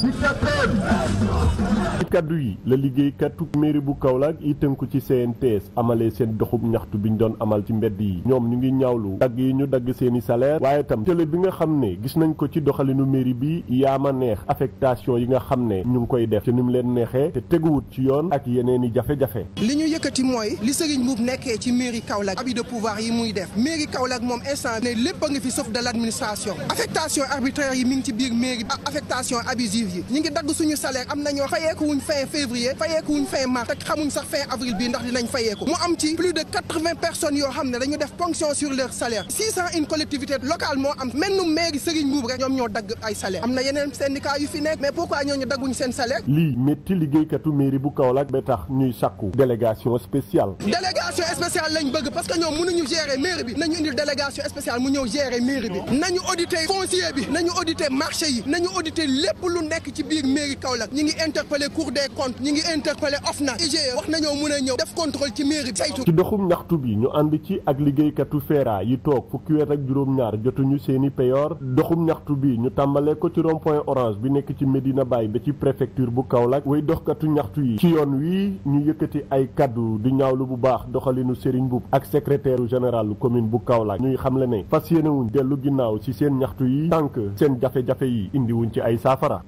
Dictateur kaddu yi la liggéeykatu mairie bu Kaolack yi tënku ci CNTS amalee seen doxub ñaxtu bi ñu doon amal ci mbedd yi ñoom ñu ngi ñaawlu dagg yi ñu dagg seeni salaire waaye tam télé bi nga xam ne gis nañ ko ci doxalinu mairie bi yaama neex affectation yi nga xam ne ñu ngi koy def ci ni mu leen neexee te teguwut ci yoon ak yeneen i jafe-jafe li ñu yëkkati mooy li Serigne Mboup nekkee ci mairie Kaolack abus de pouvoir yi muy def mairie Kaolack moom instant lépp a fi sauf de l'administration affectation arbitraire yi mi ngi ci biir mairie affectation abusive yi fayeekuwuñ fin février fin mars te xamuñ sax fin avril bii ndax dinañ fayeeku mu am ci plus de personnes yoo xam ne dañu def ponction sur leur salaire six cent une collectivité locale moo am menn mairie Serigne Mbuub rek ñoom ñoo dagg ay salaire am na yeneen syndicat fi nekk mais pourquoi ñooñu dagguñ seen salaire lii métti liggéeykatu mairie bu Kaolack ba tax ñuy sàkku délégation spéciale délégation spéciale lañ bëgg parce que ñoom mënuñu gérer cour des comptes ñi ngi interpellé OFNAC IGE wax nañoo mën def contrôle ci mairie ci doxum ñaxtu bi ñu ànd ci ak liggéeykatu feera yi toog fukki weer ak juróom-ñaar jotuñu seeni peyoor doxum ñaxtu bi ñu tàmbalee ko ci rond orange bi nekk ci Medina Baye ba ci préfecture bu Kaolack way doxkatu ñaxtu yi ci yoon wii ñu yëkkati ay kàddu di ñaawlu bu baax doxalinu Serigne Mboup ak secrétaire général commune bu Kaolack ñuy xamle ne fas yéenewuñ dellu ginnaaw ci seen ñaxtu yi tànk seen jafe-jafe yi indiwuñ ci ay saafara